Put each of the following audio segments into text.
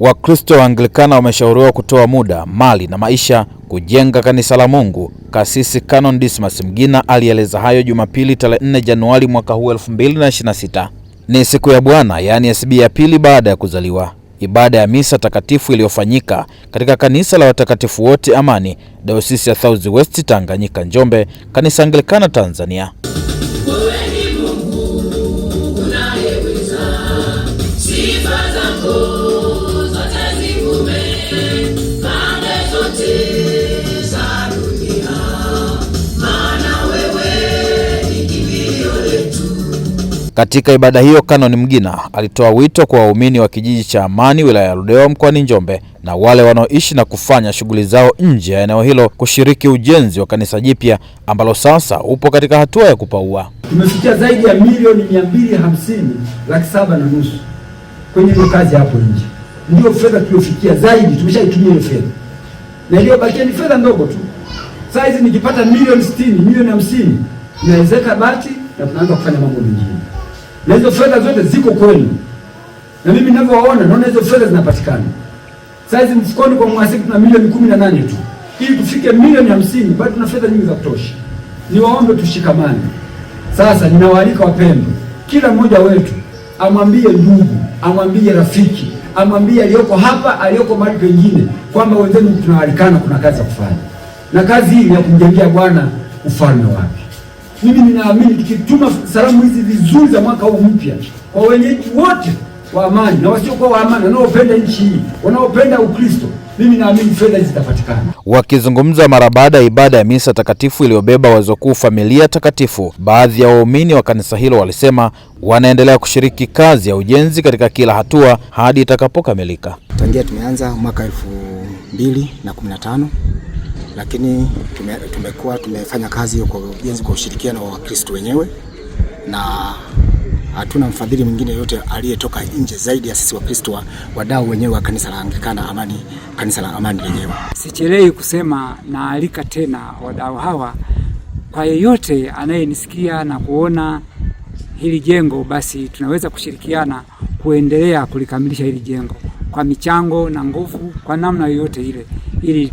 Wakristo wa anglikana wameshauriwa kutoa muda, mali na maisha kujenga kanisa la Mungu. Kasisi Canon Dismas Mgina alieleza hayo Jumapili tarehe 4 Januari mwaka huu 2026. Ni siku ya Bwana, yaani sb ya pili baada ya kuzaliwa. Ibada ya misa takatifu iliyofanyika katika kanisa la watakatifu wote Amani, Dayosisi ya South West Tanganyika Njombe, kanisa Anglikana Tanzania. Katika ibada hiyo, Canon Mgina alitoa wito kwa waumini wa kijiji cha Amani wilaya ya Ludewa mkoani Njombe na wale wanaoishi na kufanya shughuli zao nje ya eneo hilo kushiriki ujenzi wa kanisa jipya ambalo sasa upo katika hatua ya kupaua. Tumefikia zaidi ya milioni mia mbili hamsini laki saba na nusu kwenye hiyo kazi hapo nje, ndio fedha tuliofikia zaidi, tumeshaitumia hiyo fedha na iliyobakia ni fedha ndogo tu. Saizi nikipata milioni sitini, milioni hamsini, inawezeka bati na tunaanza kufanya mambo mengine na hizo fedha zote ziko kwenu, na mimi ninavyowaona naona hizo fedha zinapatikana. Saizi mfukoni kwa mhasibu tuna milioni kumi na nane tu, ili tufike milioni hamsini bado tuna fedha nyingi za kutosha. Niwaombe tushikamane. Sasa ninawaalika wapendwa, kila mmoja wetu amwambie ndugu, amwambie rafiki, amwambie aliyoko hapa, aliyoko mahali pengine kwamba wenzenu tunawalikana, kuna kazi ya kufanya, na kazi hii ya kumjengea Bwana ufalme wake mimi ninaamini tukituma salamu hizi vizuri za mwaka huu mpya kwa wenyeji wote wa amani na wasiokuwa wa amani, wanaopenda nchi hii, wanaopenda Ukristo, mimi naamini fedha hizi zitapatikana. Wakizungumza mara baada ya ibada ya misa takatifu iliyobeba wazo kuu familia takatifu, baadhi ya waumini wa kanisa hilo walisema wanaendelea kushiriki kazi ya ujenzi katika kila hatua hadi itakapokamilika. Tangia tumeanza mwaka elfu mbili na kumi na tano lakini tume, tumekuwa tumefanya kazi kwa ujenzi kwa ushirikiano wa Wakristo wenyewe na hatuna mfadhili mwingine yoyote aliyetoka nje zaidi ya sisi Wakristo wa, wadau wenyewe wa kanisa la Anglikana Amani, kanisa la Amani lenyewe. Sichelewi kusema naalika tena wadau hawa, kwa yeyote anayenisikia na kuona hili jengo, basi tunaweza kushirikiana kuendelea kulikamilisha hili jengo kwa michango na nguvu, kwa namna yoyote ile, ili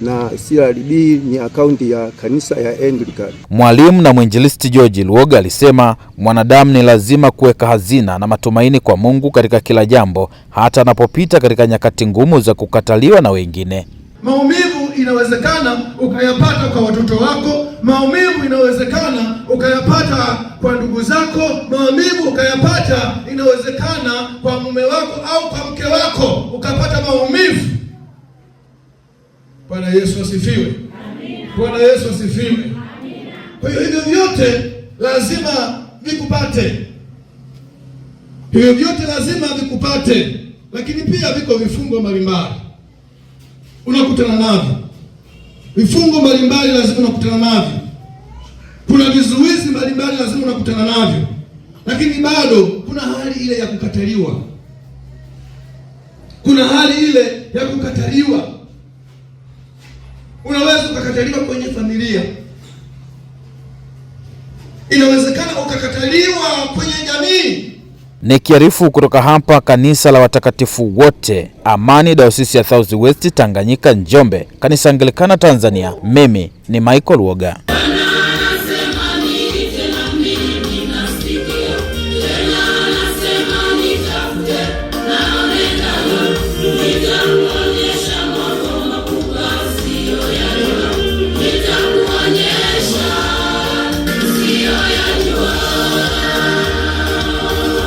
na CRDB ni akaunti ya kanisa ya Anglican. Mwalimu na mwinjilisti George Luoga alisema mwanadamu ni lazima kuweka hazina na matumaini kwa Mungu katika kila jambo, hata anapopita katika nyakati ngumu za kukataliwa na wengine. Maumivu inawezekana ukayapata kwa watoto wako, maumivu inawezekana ukayapata kwa ndugu zako, maumivu ukayapata inawezekana kwa mume wako au kwa mke wako, ukapata maumivu Bwana Yesu asifiwe. Bwana Yesu asifiwe. Kwa hiyo hivyo vyote lazima vikupate, hivyo vyote lazima vikupate, lakini pia viko vifungo mbalimbali unakutana navyo. Vifungo mbalimbali lazima unakutana navyo, kuna vizuizi mbalimbali lazima unakutana navyo, lakini bado kuna hali ile ya kukataliwa, kuna hali ile ya kukataliwa ukakataliwa kwenye familia, inawezekana ukakataliwa kwenye jamii. Nikiarifu kutoka hapa kanisa la watakatifu wote Amani, Dayosisi ya South West Tanganyika Njombe, kanisa Anglikana Tanzania, mimi ni Michael Woga.